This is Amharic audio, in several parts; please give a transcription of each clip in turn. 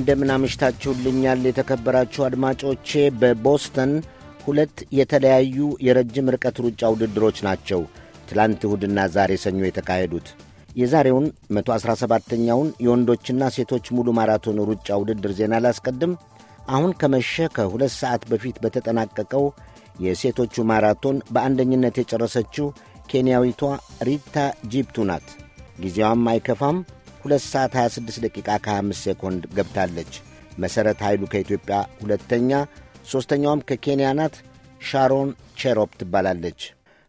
እንደምን አምሽታችሁልኛል የተከበራችሁ አድማጮቼ። በቦስተን ሁለት የተለያዩ የረጅም ርቀት ሩጫ ውድድሮች ናቸው ትላንት እሁድና ዛሬ ሰኞ የተካሄዱት። የዛሬውን 117ኛውን የወንዶችና ሴቶች ሙሉ ማራቶን ሩጫ ውድድር ዜና ላስቀድም። አሁን ከመሸ ከሁለት ሰዓት በፊት በተጠናቀቀው የሴቶቹ ማራቶን በአንደኝነት የጨረሰችው ኬንያዊቷ ሪታ ጂፕቱ ናት። ጊዜዋም አይከፋም 2 ሰዓት 26 ደቂቃ ከ25 ሴኮንድ ገብታለች። መሠረት ኃይሉ ከኢትዮጵያ ሁለተኛ፣ ሦስተኛውም ከኬንያ ናት። ሻሮን ቼሮፕ ትባላለች።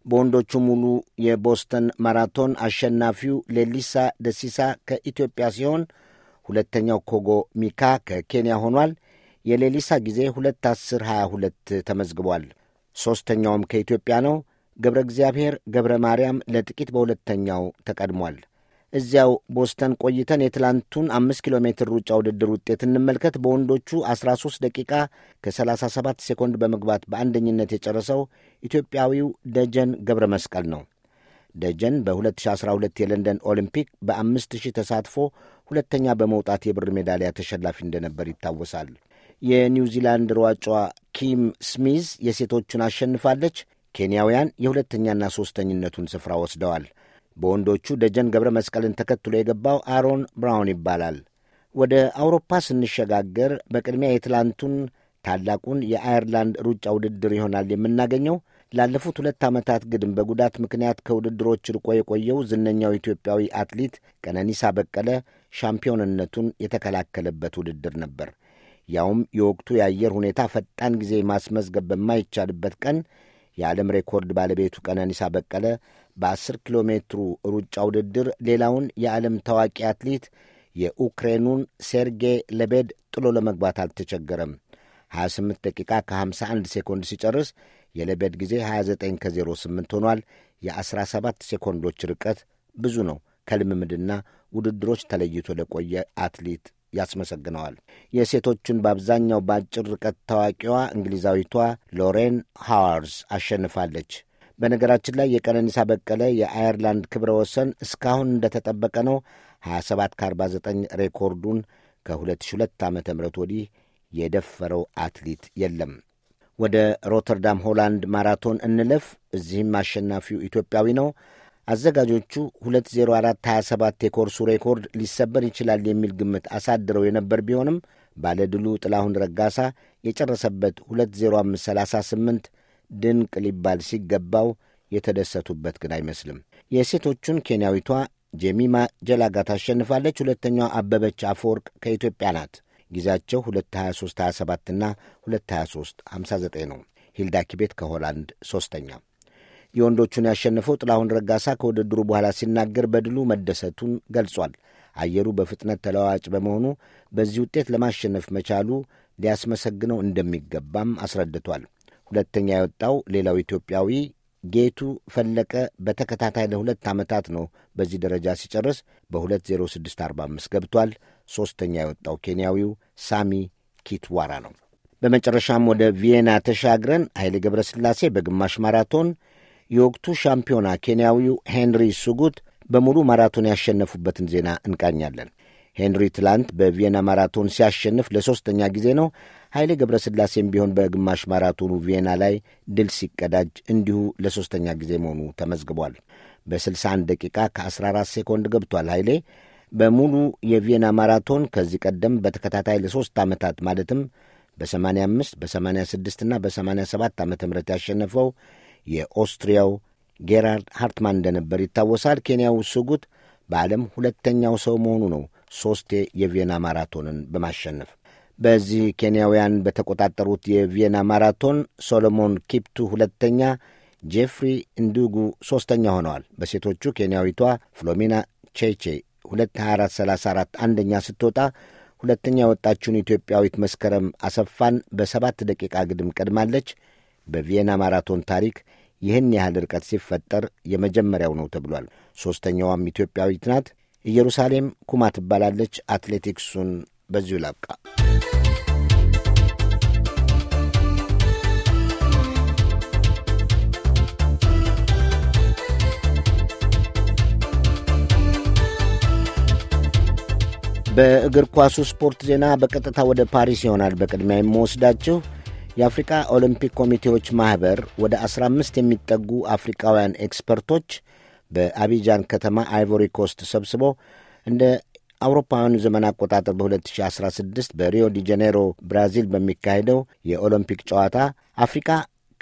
በወንዶቹ ሙሉ የቦስተን ማራቶን አሸናፊው ሌሊሳ ደሲሳ ከኢትዮጵያ ሲሆን ሁለተኛው ኮጎ ሚካ ከኬንያ ሆኗል። የሌሊሳ ጊዜ 2:10:22 ተመዝግቧል። ሦስተኛውም ከኢትዮጵያ ነው። ገብረ እግዚአብሔር ገብረ ማርያም ለጥቂት በሁለተኛው ተቀድሟል። እዚያው ቦስተን ቆይተን የትላንቱን አምስት ኪሎ ሜትር ሩጫ ውድድር ውጤት እንመልከት። በወንዶቹ 13 ደቂቃ ከ37 ሴኮንድ በመግባት በአንደኝነት የጨረሰው ኢትዮጵያዊው ደጀን ገብረ መስቀል ነው። ደጀን በ2012 የለንደን ኦሊምፒክ በ5000 ተሳትፎ ሁለተኛ በመውጣት የብር ሜዳሊያ ተሸላፊ እንደነበር ይታወሳል። የኒውዚላንድ ሯጯ ኪም ስሚዝ የሴቶቹን አሸንፋለች። ኬንያውያን የሁለተኛና ሦስተኝነቱን ስፍራ ወስደዋል። በወንዶቹ ደጀን ገብረ መስቀልን ተከትሎ የገባው አሮን ብራውን ይባላል። ወደ አውሮፓ ስንሸጋገር በቅድሚያ የትላንቱን ታላቁን የአየርላንድ ሩጫ ውድድር ይሆናል የምናገኘው። ላለፉት ሁለት ዓመታት ግድም በጉዳት ምክንያት ከውድድሮች ርቆ የቆየው ዝነኛው ኢትዮጵያዊ አትሌት ቀነኒሳ በቀለ ሻምፒዮንነቱን የተከላከለበት ውድድር ነበር። ያውም የወቅቱ የአየር ሁኔታ ፈጣን ጊዜ ማስመዝገብ በማይቻልበት ቀን የዓለም ሬኮርድ ባለቤቱ ቀነኒሳ በቀለ በ10 ኪሎ ሜትሩ ሩጫ ውድድር ሌላውን የዓለም ታዋቂ አትሌት የኡክሬኑን ሴርጌይ ለቤድ ጥሎ ለመግባት አልተቸገረም። 28 ደቂቃ ከ51 ሴኮንድ ሲጨርስ የለቤድ ጊዜ 29 ከ08 ሆኗል። የ17 ሴኮንዶች ርቀት ብዙ ነው። ከልምምድና ውድድሮች ተለይቶ ለቆየ አትሌት ያስመሰግነዋል። የሴቶቹን በአብዛኛው በአጭር ርቀት ታዋቂዋ እንግሊዛዊቷ ሎሬን ሃዋርዝ አሸንፋለች። በነገራችን ላይ የቀነኒሳ በቀለ የአየርላንድ ክብረ ወሰን እስካሁን እንደተጠበቀ ነው። 27 ከ49 ሬኮርዱን ከ2002 ዓ ም ወዲህ የደፈረው አትሌት የለም። ወደ ሮተርዳም ሆላንድ ማራቶን እንለፍ። እዚህም አሸናፊው ኢትዮጵያዊ ነው። አዘጋጆቹ 20427 የኮርሱ ሬኮርድ ሊሰበር ይችላል የሚል ግምት አሳድረው የነበር ቢሆንም ባለድሉ ጥላሁን ረጋሳ የጨረሰበት 20538 ድንቅ ሊባል ሲገባው የተደሰቱበት ግን አይመስልም። የሴቶቹን ኬንያዊቷ ጄሚማ ጀላጋ ታሸንፋለች። ሁለተኛዋ አበበች አፈወርቅ ከኢትዮጵያ ናት። ጊዜያቸው 22327 እና 22359 ነው። ሂልዳ ኪቤት ከሆላንድ ሦስተኛ። የወንዶቹን ያሸነፈው ጥላሁን ረጋሳ ከውድድሩ በኋላ ሲናገር በድሉ መደሰቱን ገልጿል። አየሩ በፍጥነት ተለዋዋጭ በመሆኑ በዚህ ውጤት ለማሸነፍ መቻሉ ሊያስመሰግነው እንደሚገባም አስረድቷል። ሁለተኛ የወጣው ሌላው ኢትዮጵያዊ ጌቱ ፈለቀ በተከታታይ ለሁለት ዓመታት ነው በዚህ ደረጃ ሲጨርስ በ20645 ገብቷል። ሦስተኛ የወጣው ኬንያዊው ሳሚ ኪትዋራ ነው። በመጨረሻም ወደ ቪየና ተሻግረን ኃይሌ ሥላሴ በግማሽ ማራቶን የወቅቱ ሻምፒዮና ኬንያዊው ሄንሪ ሱጉት በሙሉ ማራቶን ያሸነፉበትን ዜና እንቃኛለን። ሄንሪ ትላንት በቪየና ማራቶን ሲያሸንፍ ለሦስተኛ ጊዜ ነው። ኃይሌ ገብረስላሴም ቢሆን በግማሽ ማራቶኑ ቪየና ላይ ድል ሲቀዳጅ እንዲሁ ለሦስተኛ ጊዜ መሆኑ ተመዝግቧል። በ61 ደቂቃ ከ14 ሴኮንድ ገብቷል ኃይሌ በሙሉ የቪየና ማራቶን ከዚህ ቀደም በተከታታይ ለሦስት ዓመታት ማለትም በ85 በ86 እና በ87 ዓ ም ያሸነፈው የኦስትሪያው ጌራርድ ሃርትማን እንደነበር ይታወሳል። ኬንያው ስጉት በዓለም ሁለተኛው ሰው መሆኑ ነው ሦስቴ የቪየና ማራቶንን በማሸነፍ በዚህ ኬንያውያን በተቆጣጠሩት የቪየና ማራቶን ሶሎሞን ኪፕቱ ሁለተኛ፣ ጄፍሪ እንዱጉ ሦስተኛ ሆነዋል። በሴቶቹ ኬንያዊቷ ፍሎሚና ቼቼ 22434 አንደኛ ስትወጣ ሁለተኛ የወጣችውን ኢትዮጵያዊት መስከረም አሰፋን በሰባት ደቂቃ ግድም ቀድማለች። በቪየና ማራቶን ታሪክ ይህን ያህል ርቀት ሲፈጠር የመጀመሪያው ነው ተብሏል። ሦስተኛዋም ኢትዮጵያዊት ናት። ኢየሩሳሌም ኩማ ትባላለች። አትሌቲክሱን በዚሁ ላብቃ። በእግር ኳሱ ስፖርት ዜና በቀጥታ ወደ ፓሪስ ይሆናል በቅድሚያ የምወስዳችሁ። የአፍሪካ ኦሎምፒክ ኮሚቴዎች ማኅበር ወደ 15 የሚጠጉ አፍሪካውያን ኤክስፐርቶች በአቢጃን ከተማ አይቮሪ ኮስት ሰብስቦ እንደ አውሮፓውያኑ ዘመን አቆጣጠር በ2016 በሪዮ ዲ ጀኔሮ ብራዚል በሚካሄደው የኦሎምፒክ ጨዋታ አፍሪካ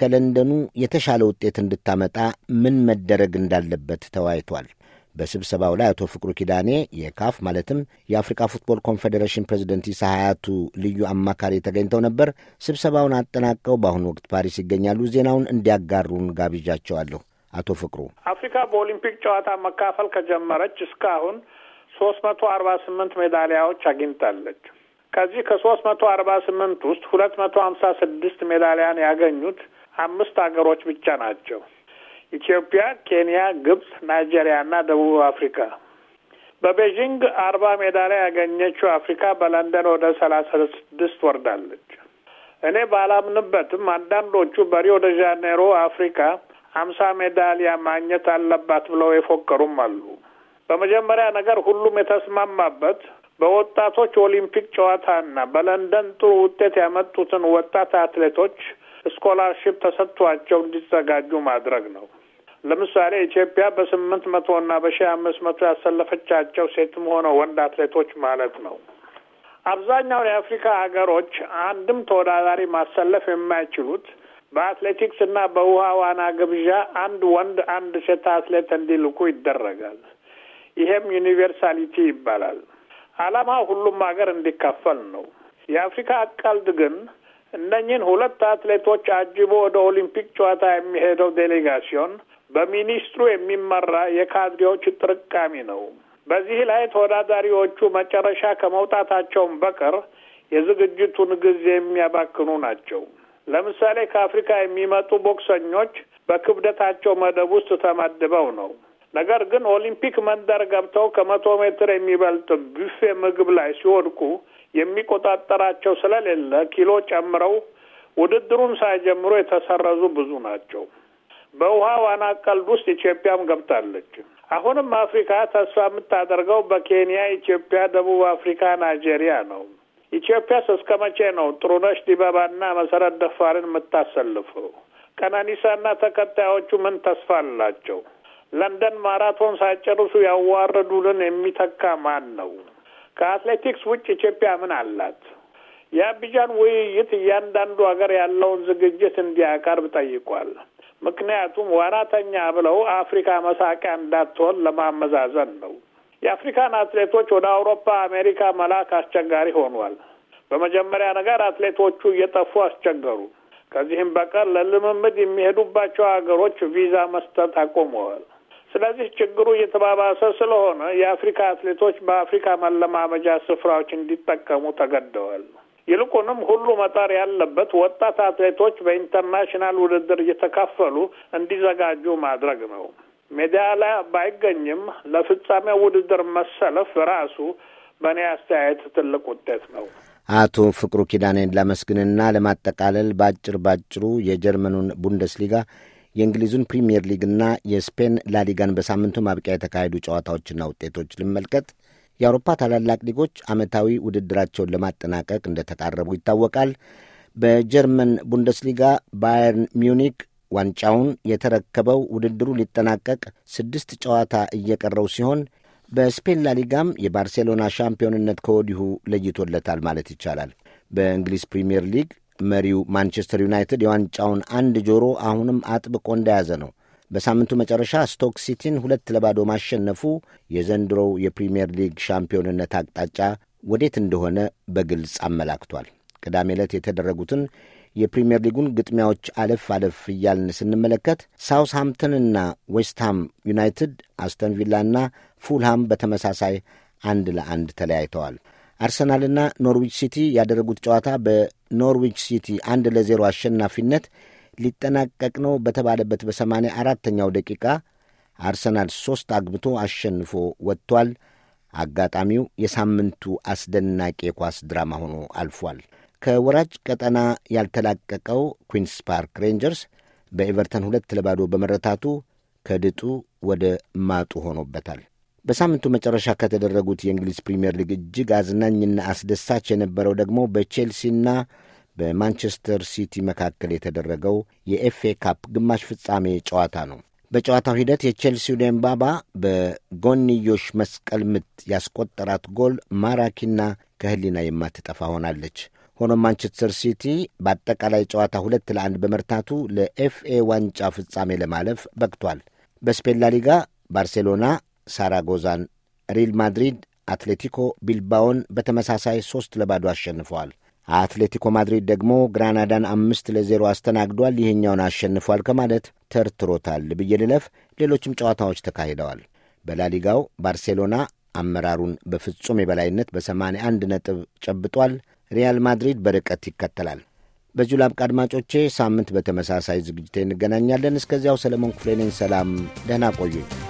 ከለንደኑ የተሻለ ውጤት እንድታመጣ ምን መደረግ እንዳለበት ተወያይቷል። በስብሰባው ላይ አቶ ፍቅሩ ኪዳኔ የካፍ ማለትም የአፍሪካ ፉትቦል ኮንፌዴሬሽን ፕሬዚደንት ኢሳ ሀያቱ ልዩ አማካሪ ተገኝተው ነበር። ስብሰባውን አጠናቀው በአሁኑ ወቅት ፓሪስ ይገኛሉ። ዜናውን እንዲያጋሩን ጋብዣቸዋለሁ። አቶ ፍቅሩ አፍሪካ በኦሊምፒክ ጨዋታ መካፈል ከጀመረች እስካሁን ሶስት መቶ አርባ ስምንት ሜዳሊያዎች አግኝታለች። ከዚህ ከሶስት መቶ አርባ ስምንት ውስጥ ሁለት መቶ ሀምሳ ስድስት ሜዳሊያን ያገኙት አምስት ሀገሮች ብቻ ናቸው። ኢትዮጵያ፣ ኬንያ፣ ግብጽ፣ ናይጄሪያ እና ደቡብ አፍሪካ። በቤዥንግ አርባ ሜዳሊያ ያገኘችው አፍሪካ በለንደን ወደ ሰላሳ ስድስት ወርዳለች። እኔ ባላምንበትም አንዳንዶቹ በሪዮ ደ ጃኔሮ አፍሪካ ሀምሳ ሜዳሊያ ማግኘት አለባት ብለው የፎከሩም አሉ። በመጀመሪያ ነገር ሁሉም የተስማማበት በወጣቶች ኦሊምፒክ ጨዋታና በለንደን ጥሩ ውጤት ያመጡትን ወጣት አትሌቶች ስኮላርሺፕ ተሰጥቷቸው እንዲዘጋጁ ማድረግ ነው። ለምሳሌ ኢትዮጵያ በስምንት መቶ እና በሺ አምስት መቶ ያሰለፈቻቸው ሴትም ሆነ ወንድ አትሌቶች ማለት ነው። አብዛኛውን የአፍሪካ ሀገሮች አንድም ተወዳዳሪ ማሰለፍ የማይችሉት በአትሌቲክስ እና በውሃ ዋና ግብዣ አንድ ወንድ አንድ ሴት አትሌት እንዲልኩ ይደረጋል። ይሄም ዩኒቨርሳሊቲ ይባላል። ዓላማ ሁሉም ሀገር እንዲካፈል ነው። የአፍሪካ ቀልድ ግን እነኚህን ሁለት አትሌቶች አጅቦ ወደ ኦሊምፒክ ጨዋታ የሚሄደው ዴሌጋሲዮን በሚኒስትሩ የሚመራ የካድሬዎች ጥርቃሚ ነው። በዚህ ላይ ተወዳዳሪዎቹ መጨረሻ ከመውጣታቸውም በቀር የዝግጅቱን ጊዜ የሚያባክኑ ናቸው። ለምሳሌ ከአፍሪካ የሚመጡ ቦክሰኞች በክብደታቸው መደብ ውስጥ ተመድበው ነው። ነገር ግን ኦሊምፒክ መንደር ገብተው ከመቶ ሜትር የሚበልጥ ቡፌ ምግብ ላይ ሲወድቁ የሚቆጣጠራቸው ስለሌለ ኪሎ ጨምረው ውድድሩን ሳይጀምሩ የተሰረዙ ብዙ ናቸው። በውሃ ዋና ቀልድ ውስጥ ኢትዮጵያም ገብታለች። አሁንም አፍሪካ ተስፋ የምታደርገው በኬንያ፣ ኢትዮጵያ፣ ደቡብ አፍሪካ፣ ናይጄሪያ ነው። ኢትዮጵያስ እስከ መቼ ነው ጥሩነሽ ዲባባና መሰረት ደፋርን የምታሰልፈው? ቀነኒሳና ተከታዮቹ ምን ተስፋ አላቸው? ለንደን ማራቶን ሳይጨርሱ ያዋረዱልን የሚተካ ማን ነው? ከአትሌቲክስ ውጭ ኢትዮጵያ ምን አላት? የአቢጃን ውይይት እያንዳንዱ ሀገር ያለውን ዝግጅት እንዲያቀርብ ጠይቋል። ምክንያቱም ዋናተኛ ብለው አፍሪካ መሳቂያ እንዳትሆን ለማመዛዘን ነው። የአፍሪካን አትሌቶች ወደ አውሮፓ፣ አሜሪካ መላክ አስቸጋሪ ሆኗል። በመጀመሪያ ነገር አትሌቶቹ እየጠፉ አስቸገሩ። ከዚህም በቀር ለልምምድ የሚሄዱባቸው ሀገሮች ቪዛ መስጠት አቆመዋል። ስለዚህ ችግሩ እየተባባሰ ስለሆነ የአፍሪካ አትሌቶች በአፍሪካ መለማመጃ ስፍራዎች እንዲጠቀሙ ተገደዋል። ይልቁንም ሁሉ መጠር ያለበት ወጣት አትሌቶች በኢንተርናሽናል ውድድር እየተካፈሉ እንዲዘጋጁ ማድረግ ነው። ሜዳ ላይ ባይገኝም ለፍጻሜ ውድድር መሰለፍ ራሱ በእኔ አስተያየት ትልቅ ውጤት ነው። አቶ ፍቅሩ ኪዳኔን ላመስግንና ለማጠቃለል በአጭር ባጭሩ የጀርመኑን ቡንደስሊጋ የእንግሊዙን ፕሪምየር ሊግና የስፔን ላሊጋን በሳምንቱ ማብቂያ የተካሄዱ ጨዋታዎችና ውጤቶች ልመልከት። የአውሮፓ ታላላቅ ሊጎች ዓመታዊ ውድድራቸውን ለማጠናቀቅ እንደተቃረቡ ይታወቃል። በጀርመን ቡንደስሊጋ ባየርን ሚዩኒክ ዋንጫውን የተረከበው ውድድሩ ሊጠናቀቅ ስድስት ጨዋታ እየቀረው ሲሆን በስፔን ላሊጋም የባርሴሎና ሻምፒዮንነት ከወዲሁ ለይቶለታል ማለት ይቻላል። በእንግሊዝ ፕሪምየር ሊግ መሪው ማንቸስተር ዩናይትድ የዋንጫውን አንድ ጆሮ አሁንም አጥብቆ እንደያዘ ነው። በሳምንቱ መጨረሻ ስቶክ ሲቲን ሁለት ለባዶ ማሸነፉ የዘንድሮው የፕሪምየር ሊግ ሻምፒዮንነት አቅጣጫ ወዴት እንደሆነ በግልጽ አመላክቷል። ቅዳሜ ዕለት የተደረጉትን የፕሪምየር ሊጉን ግጥሚያዎች አለፍ አለፍ እያልን ስንመለከት ሳውስሃምፕተንና ዌስትሃም ዩናይትድ፣ አስተን ቪላና ፉልሃም በተመሳሳይ አንድ ለአንድ ተለያይተዋል። አርሰናልና ኖርዊች ሲቲ ያደረጉት ጨዋታ በኖርዊች ሲቲ አንድ ለዜሮ አሸናፊነት ሊጠናቀቅ ነው በተባለበት በሰማንያ አራተኛው ደቂቃ አርሰናል ሦስት አግብቶ አሸንፎ ወጥቷል። አጋጣሚው የሳምንቱ አስደናቂ የኳስ ድራማ ሆኖ አልፏል። ከወራጅ ቀጠና ያልተላቀቀው ኩንስ ፓርክ ሬንጀርስ በኤቨርተን ሁለት ለባዶ በመረታቱ ከድጡ ወደ ማጡ ሆኖበታል። በሳምንቱ መጨረሻ ከተደረጉት የእንግሊዝ ፕሪምየር ሊግ እጅግ አዝናኝና አስደሳች የነበረው ደግሞ በቼልሲና በማንቸስተር ሲቲ መካከል የተደረገው የኤፍኤ ካፕ ግማሽ ፍጻሜ ጨዋታ ነው። በጨዋታው ሂደት የቼልሲው ዴምባባ በጎንዮሽ መስቀል ምት ያስቆጠራት ጎል ማራኪና ከህሊና የማትጠፋ ሆናለች። ሆኖም ማንቸስተር ሲቲ በአጠቃላይ ጨዋታ ሁለት ለአንድ በመርታቱ ለኤፍኤ ዋንጫ ፍጻሜ ለማለፍ በቅቷል። በስፔን ላሊጋ ባርሴሎና ሳራጎዛን፣ ሪል ማድሪድ አትሌቲኮ ቢልባኦን በተመሳሳይ ሦስት ለባዶ አሸንፈዋል። አትሌቲኮ ማድሪድ ደግሞ ግራናዳን አምስት ለዜሮ አስተናግዷል። ይህኛውን አሸንፏል ከማለት ተርትሮታል ብዬ ልለፍ። ሌሎችም ጨዋታዎች ተካሂደዋል። በላሊጋው ባርሴሎና አመራሩን በፍጹም የበላይነት በ81 ነጥብ ጨብጧል። ሪያል ማድሪድ በርቀት ይከተላል። በዚሁ ላብቃ አድማጮቼ። ሳምንት በተመሳሳይ ዝግጅት እንገናኛለን። እስከዚያው ሰለሞን ክፍሌ ነኝ። ሰላም፣ ደህና ቆዩኝ።